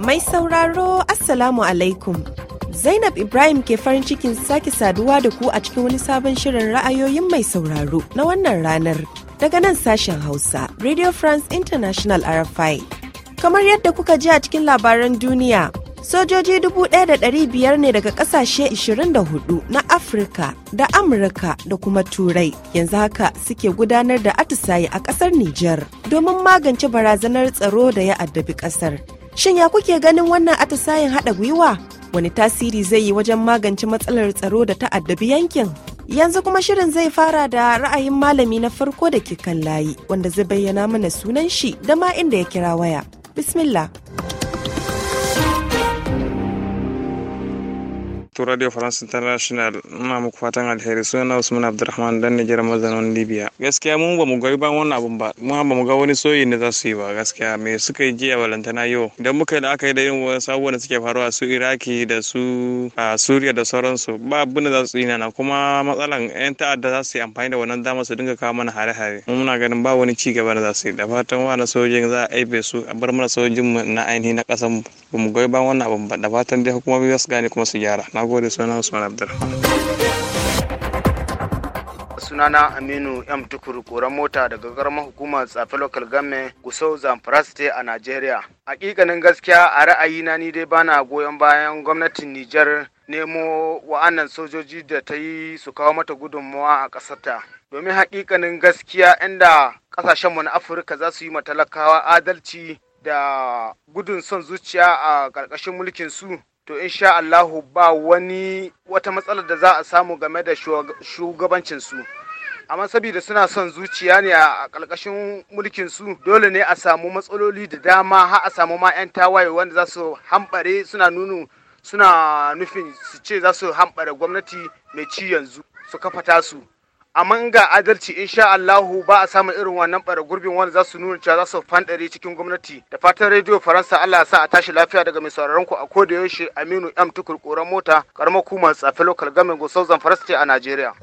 Mai sauraro Assalamu alaikum. Zainab Ibrahim ke farin cikin sake saduwa da ku a cikin wani sabon shirin ra'ayoyin mai sauraro na wannan ranar daga nan sashen Hausa, Radio France International RFI. Kamar yadda kuka ji a cikin labaran duniya, Sojoji dubu ɗaya da ɗari biyar ne daga ƙasashe kasashe hudu na Afirka da Amurka da kuma Turai yanzu haka suke gudanar da atisaye a ƙasar Nijar domin magance barazanar tsaro da ya addabi ƙasar. Shin ya kuke ganin wannan atisayen haɗa gwiwa? Wani tasiri zai yi wajen magance matsalar tsaro da ta addabi yankin? Yanzu kuma shirin zai fara da ra'ayin malami na farko da ke kan layi wanda zai bayyana mana sunan shi da ma inda ya kira waya. Bismillah. to radio france international muna muku fatan alheri suna usman abdurrahman dan jira mazanin libya gaskiya mu ba mu ga ban wannan abun ba mu ba mu ga wani soyi ne za su yi ba gaskiya me suka yi jiya balantana yau idan muka yi da aka yi da yin wasu abubuwan da suke faruwa su iraki da su a suriya da sauransu ba abin da za su yi na kuma matsalan yan ta'adda za su yi amfani da wannan dama su dinga kawo mana hare-hare mu muna ganin ba wani ci gaba da za su yi da fatan wani sojin za a aibe su a bar mana sojin na ainihi na kasan mu ba mu ga ban wannan abun ba da fatan dai hukumomi za su gane kuma su gyara na gode suna usman abdulrahman sunana aminu m tukuru koran mota daga garma hukumar tsafi local government gusau zamfara state a nigeria hakikanin gaskiya a ra'ayi na ni dai bana goyon bayan gwamnatin niger nemo wa'annan sojoji da ta yi su kawo mata gudunmawa a ƙasarta domin hakikanin gaskiya inda ƙasashenmu na afirka za su yi matalakawa adalci da gudun son zuciya a ƙarƙashin mulkin su to insha Allahu ba wani wata matsalar da za a samu game da shugabancinsu. amma saboda suna son zuciya ne a ƙarƙashin mulkin su dole ne a samu matsaloli da dama har a samu ma 'yan tawaye wanda za su hambare suna nunu suna nufin su ce za su hambare gwamnati mai ci yanzu su kafa su. A ga adalci insha Allahu ba a samun irin wannan bara gurbin wanda za su nuna cewa za su fandare cikin gwamnati da fatan rediyo Faransa Allah ya sa a tashi lafiya daga mai sauraron ku a da yaushe Aminu M tukur koran mota karamar kuma tsafe local government faransa ce a Najeriya.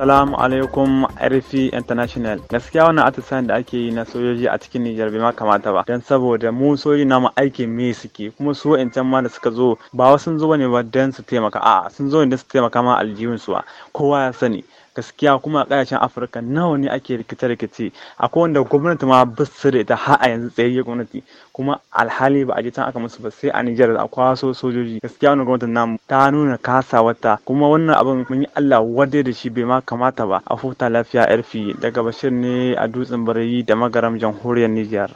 Salamu alaikum RFI International. Gaskiya wannan atisayen da ake yi na sojoji a cikin Nijar bai ma kamata ba. don saboda mu soji mu aiki me suke kuma su can ma da suka zo ba wasu sun zo ne ba don su taimaka a'a sun zo ne don su taimaka ma aljihun su kowa ya sani. gaskiya kuma a kasashen afirka nawa ne ake rikice-rikice akwai wanda gwamnati ma ba su da ita har a yanzu tsayayyar gwamnati kuma alhali ba a je can aka musu ba sai a nijar da kwaso sojoji gaskiya wannan gwamnatin namu ta nuna kasa wata kuma wannan abin mun yi allah wadai da shi bai ma kamata ba a futa lafiya yarfi daga bashir ne a dutsen barayi da magaram jamhuriyar nijar.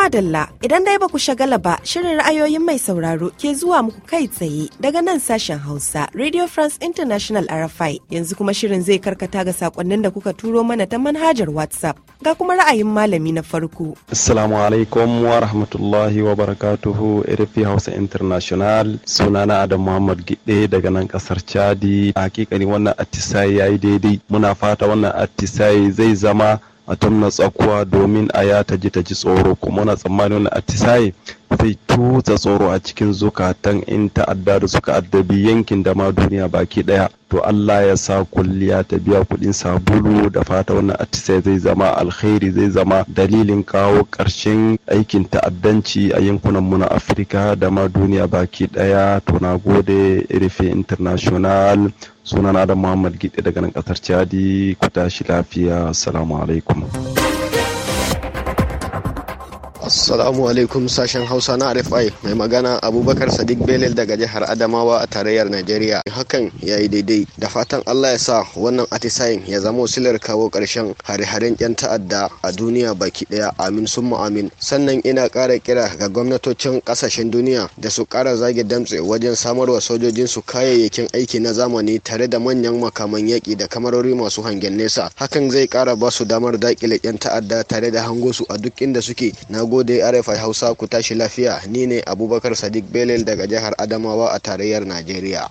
madalla idan dai ba baku shagala ba shirin ra'ayoyin mai sauraro ke zuwa muku kai tsaye daga nan sashen Hausa Radio France International RFI yanzu kuma shirin zai karkata ga sakonnin da kuka turo mana ta manhajar WhatsApp ga kuma ra'ayin malami na farko. Assalamu alaikum wa rahmatullahi wa barakatuhu RFI Hausa International sunana Adam Muhammad Gide daga nan kasar Chadi hakikani wannan atisayi yayi daidai muna fata wannan atisayi zai zama a tamna tsakuwa domin a ya ta ji ta ji tsoro kuma na tsammanin wani atisaye zai tutsa tsoro a cikin zukatan in ta'adda da suka addabi yankin da ma duniya baki daya to Allah ya sa kulliya ta biya kudin sabulu da fata wannan atisaye zai zama alkhairi zai zama dalilin kawo karshen aikin ta'addanci a yankunan mu na Afirka da ma duniya baki daya to na gode international sunana Adamu muhammad gidi daga nan kasar chadi ku tashi lafiya assalamu alaikum Salamu alaikum sashen Hausa na RFI mai magana Abubakar Sadiq Belel daga jihar Adamawa a tarayyar Najeriya. Hakan ya yi daidai da fatan Allah ya sa wannan atisayin ya zama silar kawo ƙarshen hare-haren 'yan ta'adda a duniya baki ɗaya amin sun amin. Sannan ina kara kira ga gwamnatocin ƙasashen duniya da su ƙara zage damtse wajen samarwa sojojinsu kayayyakin aiki na zamani tare da manyan makaman yaƙi da kamarori masu hangen nesa. Hakan zai ƙara ba su damar daƙile 'yan ta'adda tare da hango su a duk inda suke. Na gode dai RFI Hausa ku tashi lafiya ni ne Abubakar Sadiq Belel daga jihar Adamawa a tarayyar Najeriya.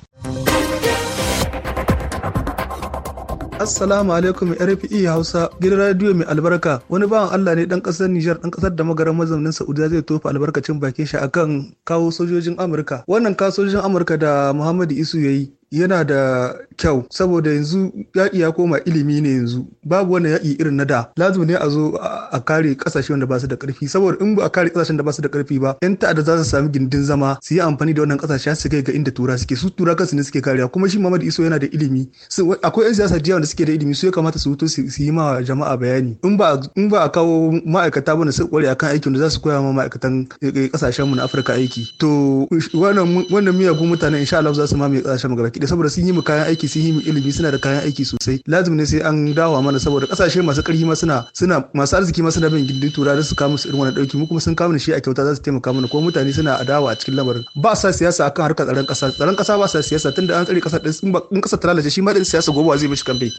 Assalamu alaikum RFI Hausa gidan radio mai albarka wani bawan Allah ne dan kasar Nijar dan kasar da magaran mazaunin Saudiya zai tofa albarkacin bakin shi akan kawo sojojin Amurka wannan kawo sojojin Amurka da Muhammadu Isu ya yi. yana da kyau saboda yanzu yaƙi ya koma ilimi ne yanzu babu wani yaƙi irin na da lazumi ne a zo a kare ƙasashe wanda ba su da ƙarfi saboda in ba a kare ƙasashen da ba su da ƙarfi ba yan ta'adda za su sami gindin zama su yi amfani da wannan ƙasashe su kai ga inda tura suke su tura kansu ne suke kariya kuma shi Muhammad Iso yana da ilimi akwai yan siyasa da wanda suke da ilimi su ya kamata su wuto su yi ma jama'a bayani in ba in ba a kawo ma'aikata bane su kware akan aikin da za su koya ma ma'aikatan eh, eh, ƙasashen mu na Afirka aiki to wannan wannan miyagun mutane insha Allah za su mamaye ƙasashen mu gaba da saboda sun yi mu kayan aiki sun yi mu ilimi suna da kayan aiki sosai lazim ne sai an dawo mana saboda kasashe masu ƙarfi ma suna suna masu arziki ma suna bin gindin tura da su kawo musu irin wannan dauki mu kuma sun kawo shi a kyauta za su taimaka mana kuma mutane suna adawa a cikin lamarin ba sa siyasa akan harkar tsaron kasa tsaron kasa ba sa siyasa tunda an tsare kasa din in kasa ta lalace shi ma din siyasa gobe zai mishi kamfe.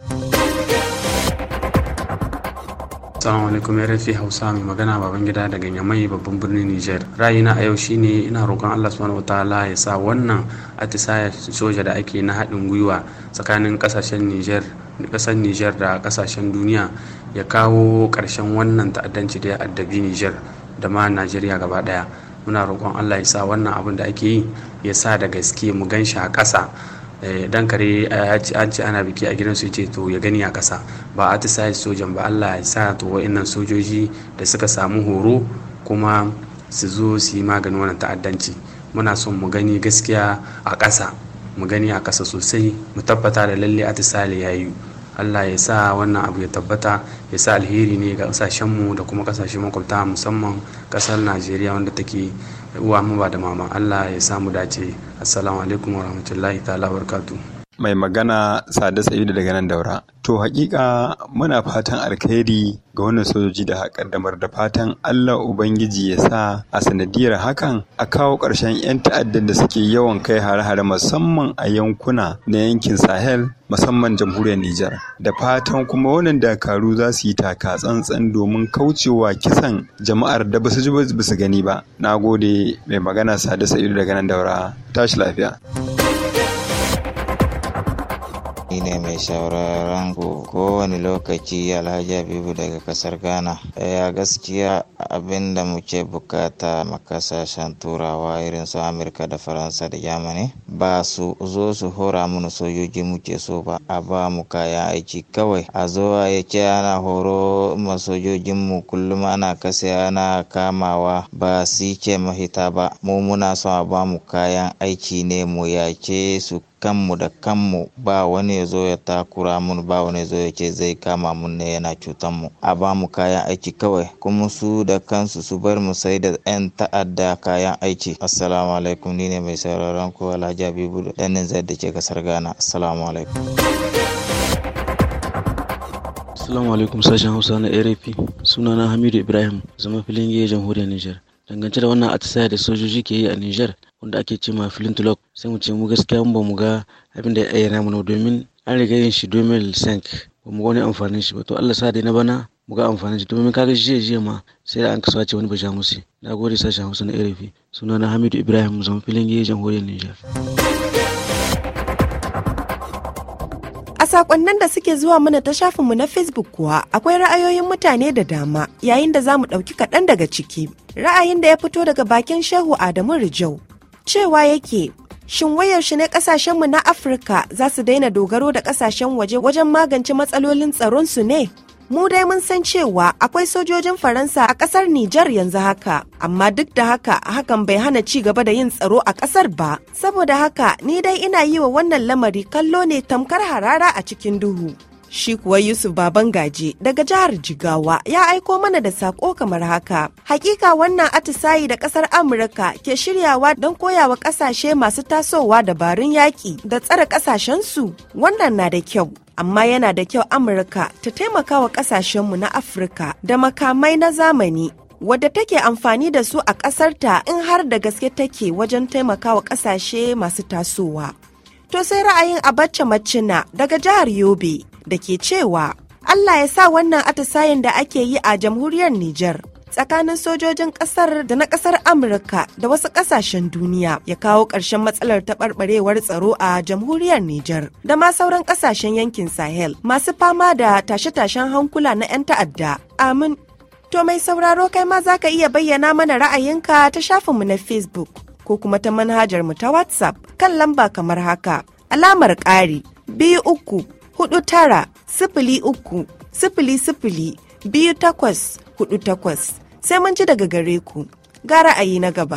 Assalamu alaikum ya rafi Hausa mai magana baban gida daga Yamai babban birnin Niger. Ra'ayina a yau shine ina roƙon Allah subhanahu wataala ya sa wannan atisaya soja da ake na haɗin gwiwa tsakanin ƙasashen Niger ƙasar Niger da ƙasashen duniya ya kawo ƙarshen wannan ta'addanci da ya addabi Niger da ma Najeriya gaba ɗaya. Muna roƙon Allah ya sa wannan abin da ake yi ya sa da gaske mu gan shi a ƙasa. Eh, dan kare eh, an ce ana biki a gidan ya ce to ya gani a kasa ba a yi sojan ba allah ya sa to wa'annan sojoji da suka samu horo kuma su zo su yi maganin wannan ta'addanci muna son mu gani gaskiya a kasa mu gani a kasa sosai mu tabbata da lalle atisali ya yi allah ya sa wannan abu ya tabbata ya sa alheri ne ga ƙasashenmu da kuma ƙasashen makwabta musamman ƙasar najeriya wanda take uwa mu ba da mama Allah ya samu dace assalamu alaikum warahmatullahi ta'ala barkatu mai magana Sada Sa'idu daga nan daura. To hakika muna fatan alkhairi ga wannan sojoji da kaddamar da fatan Allah Ubangiji ya sa a sanadiyar hakan a kawo ƙarshen 'yan ta'addan da suke yawan kai hare-hare musamman a yankuna na yankin Sahel musamman jamhuriyar Nijar. Da fatan kuma wannan dakaru za su yi taka tsantsan domin kaucewa kisan jama'ar da basu ji basu gani ba. Na gode mai magana Sada Sa'idu daga nan daura. Tashi lafiya. Ni ne mai shawararren ku kowane lokaci Alhaji Habibu daga kasar Ghana. Ya eh, gaskiya abin da muke bukata ma kasashen turawa irin su Amurka da Faransa da Germany ba su zo su hora mana sojoji muke so ba a ba mu kayan aiki kawai a zo a ce ana horo ma sojojin mu kullum ana kasa ana kamawa ba su ce mahita ba mu muna son a ba mu kayan aiki ne mu yake su kanmu da kanmu ba wani ya zo ya takura mun ba wani ya zo ya ce zai kama mun ne yana cutan mu a ba mu kayan aiki kawai kuma su da kansu su bar mu sai da yan ta'adda kayan aiki assalamu alaikum ni ne mai sauraron ku alhaji habibu danin zai da ke kasar ghana assalamu alaikum Assalamu alaikum sashen Hausa na suna na Hamidu Ibrahim zama filin jamhuriyar Nijar dangance da wannan atisaya da sojoji ke yi a Nijar wanda ake ce ma flintlock sai mu ce mu gaskiya mu ba mu ga abin da ya ayyana mana domin an riga yin shi sank e ba mu ga wani amfanin shi ba to Allah sa dai na bana mu ga amfanin shi domin kaga jiya jiya ma sai da an kasuwa ce wani ba jamusi na gode sashen hausa na irifi suna na hamidu ibrahim zama filin gidan jamhuriyar nijar A sakonnin da suke zuwa mana ta shafinmu na Facebook kuwa akwai ra'ayoyin mutane da dama yayin da za mu ɗauki kaɗan daga ciki. Ra'ayin da ya fito daga bakin Shehu Adamu Rijau cewa yake shin wayar ne kasashenmu na afirka za su daina dogaro da kasashen waje wajen magance matsalolin tsaronsu ne mu dai mun san cewa akwai sojojin faransa a kasar nijar yanzu haka amma duk da haka hakan bai hana ci gaba da yin tsaro a kasar ba saboda haka ni dai ina yi wa wannan lamari kallo ne tamkar harara a cikin duhu Shi kuwa Yusuf Baban gaji daga jihar Jigawa ya aiko mana da sako kamar haka. Hakika wannan atisayi da kasar Amurka ke shiryawa don koyawa kasashe masu tasowa dabarun yaƙi da tsare kasashensu wannan na da kyau. Amma yana da kyau Amurka ta taimaka wa kasashenmu na Afirka da makamai na zamani wadda take amfani da su a ƙasarta in har da gaske take wajen taimakawa ƙasashe masu tasowa. To sai ra'ayin Abacha Macina daga jihar Yobe da ke cewa Allah ya sa wannan atisayen da ake yi a jamhuriyar Nijar tsakanin sojojin kasar da na kasar Amurka da wasu kasashen duniya ya kawo ƙarshen matsalar taɓarɓarewar tsaro a jamhuriyar Nijar da ma sauran kasashen yankin Sahel masu fama da tashe-tashen hankula na 'yan ta'adda. Amin. To mai sauraro kai ma za ka iya bayyana mana ra'ayinka ta shafinmu na Facebook ko kuma ta manhajar mu ta WhatsApp kan lamba kamar haka alamar ƙari biyu uku hudu tara sifili uku sifili sifili biyu takwas hudu takwas sai mun ji daga gare ku ga ra'ayi na gaba.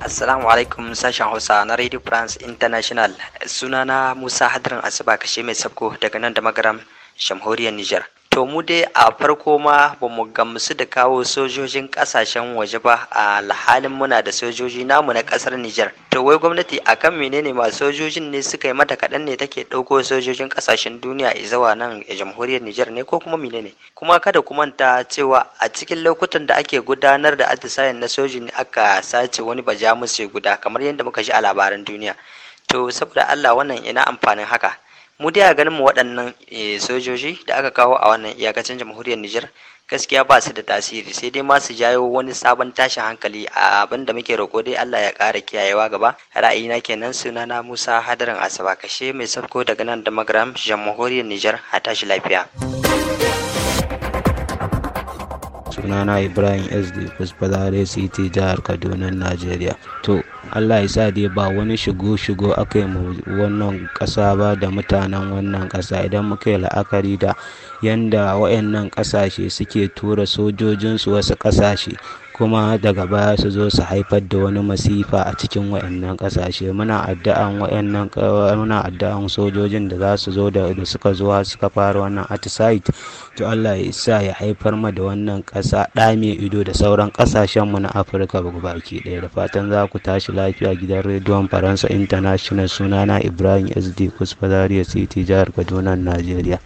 Assalamu alaikum sashen Hausa na Radio France International sunana Musa Hadirin Asuba kashe mai sabko daga nan da magaram shamhuriyar Nijar. to mu dai a farko ma ba mu gamsu da kawo sojojin kasashen waje ba a alhalin muna da sojoji namu na kasar Nijar. To wai gwamnati a kan menene ma sojojin ne suka yi mata kaɗan ne take ɗauko sojojin kasashen duniya izawa nan a jamhuriyar Nijar ne ko kuma menene? Kuma kada ku manta cewa a cikin lokutan da ake gudanar da atisayen na soji ne aka sace wani bajamus guda kamar yadda muka ji a labaran duniya. To saboda Allah wannan ina amfanin haka. mu dai a ganin mu waɗannan eh, sojoji da aka kawo a wannan iyakacin jamhuriyar Nijar gaskiya ba su da tasiri sai dai ma su jayo wani sabon tashin hankali a abin da muke roƙo dai Allah ya ƙara kiyayewa gaba ra'ayina kenan sunana Musa Hadarin Asaba kashe mai sabko daga nan da Magram jamhuriyar Nijar a tashi lafiya. sunana Ibrahim SD Fusbalare City jihar Kaduna Najeriya to Allah ya sa dai ba wani shigo-shigo aka yi mu wannan ƙasa ba da mutanen wannan ƙasa idan muka yi la'akari da yanda waɗannan ƙasashe suke tura sojojinsu wasu ƙasashe kuma daga baya su zo su haifar da wani masifa a cikin wayannan kasashe muna addu'an wayannan muna addu'an sojojin da za su zo da suka zo suka fara wannan atisite to Allah ya isa ya haifar ma da wannan ƙasa ɗame mai ido da sauran ƙasashen mu na Afirka baki ɗaya da fatan za ku tashi lafiya gidan rediyon Faransa International sunana Ibrahim SD Kusfa Zaria City jihar Kaduna Najeriya.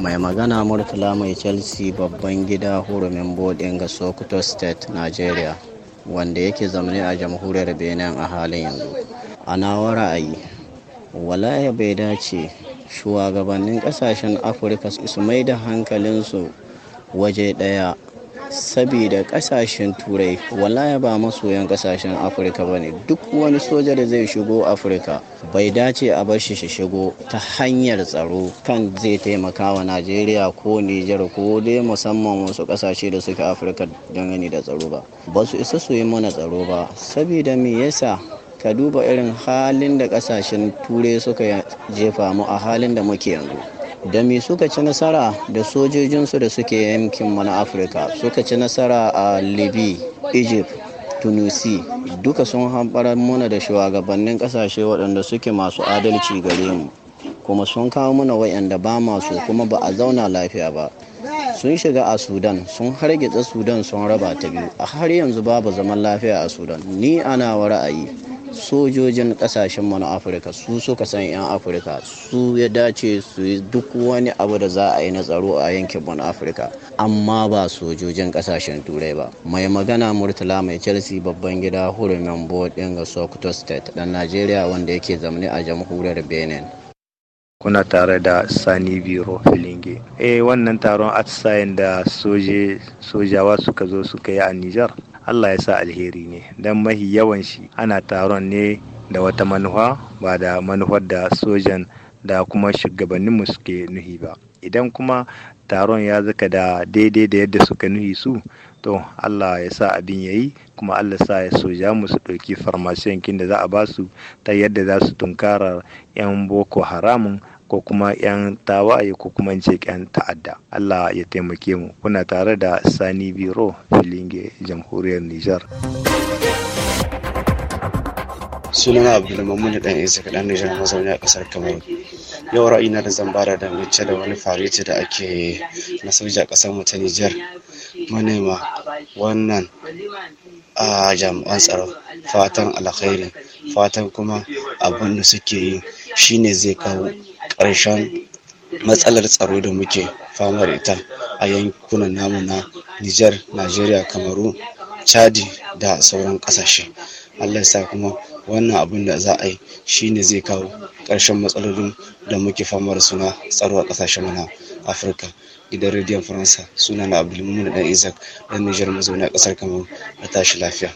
mai magana murtala mai chelsea babban gida hurumin bodin ga sokoto state nigeria wanda yake zamani a jamhuriyar benin a halin yanzu a nawa ra'ayi walaya bai dace shugabannin kasashen afirka su mai da hankalinsu waje ɗaya saboda kasashen turai wallahi ba masoyan kasashen afirka ba ne duk wani soja da zai shigo afirka bai dace a bar shi shigo ta hanyar tsaro kan zai taimaka wa najeriya ko nijar ko dai musamman wasu kasashe da suke afirka dangane da tsaro ba ba su isa su yi mana tsaro ba saboda me yasa ka duba irin halin da kasashen turai suka jefa mu a halin da muke yanzu da me suka ci nasara da sojojinsu da suke yankin mana afirka suka ci nasara a libya egypt tunisi duka sun hamɓarar muna da shugabannin ƙasashe waɗanda suke masu adalci gare mu kuma sun kawo muna wayanda ba masu kuma ba a zauna lafiya ba sun shiga a sudan sun hargitsa sudan sun raba ta biyu a har yanzu babu zaman lafiya a sudan ni ana wa ra'ayi sojojin kasashen mu afirka su suka san 'yan afirka su ya dace su yi duk wani abu da za a yi na tsaro a yankin mu na afirka amma ba sojojin kasashen turai ba mai magana murtala mai chelsea babban gida hurumin bodin ga sokoto state dan najeriya wanda yake zamani a jamhuriyar benin kuna tare da sani biro filinge eh wannan taron atisayen da sojawa suka zo suka yi a nijar Allah ya sa alheri ne don mahi yawan shi ana taron ne da wata manufa ba da manufar da sojan da kuma shugabanninmu suke nuhi ba idan kuma taron ya zaka da daidai da yadda suka nuhi su to Allah ya sa abin ya yi kuma Allah sa ya soja mu su ɗauki farmasiyankin da za a ba su ta yadda za su tunkarar 'yan boko haramun ko kuma 'yan tawaye ko kuma ce 'yan ta'adda allah ya taimake mu kuna tare da sani biro filinge jamhuriyar nijar sunana abdulmamun dan isa kaɗan nijar mazauni a ƙasar kamaru yau ra'ayina da zan bada da mace da wani fareti da ake na soja ƙasar mu ta Nijar manema wannan a jami'an tsaro fatan alkhairi fatan kuma abin da suke yi shine zai kawo ƙarshen matsalar tsaro da muke fama da ita a yankunan namu na Nijar, Najeriya, Kamaru, Chadi da sauran ƙasashe. Allah sa kuma wannan abin da za a yi shi ne zai kawo ƙarshen matsalolin da muke fama da suna tsaro a ƙasashen mana Afirka. Gidan rediyon Faransa suna na Abdulmumin dan Isaac ɗan Nijar mazauna ƙasar Kamaru a tashi lafiya.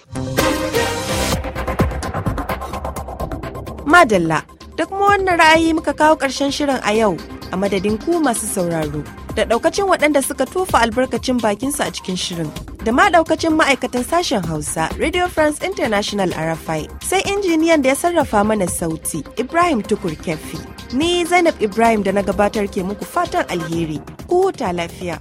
Madalla Da kuma wannan ra'ayi muka kawo ƙarshen shirin a yau a madadin ku masu sauraro da ɗaukacin waɗanda suka tofa albarkacin bakinsu a cikin shirin. Da ma ɗaukacin ma'aikatan sashen Hausa Radio France International RFI, sai injiniyan da ya sarrafa mana sauti Ibrahim Tukur Kefi. Ni Zainab Ibrahim da na gabatar ke muku fatan alheri. Ku huta lafiya.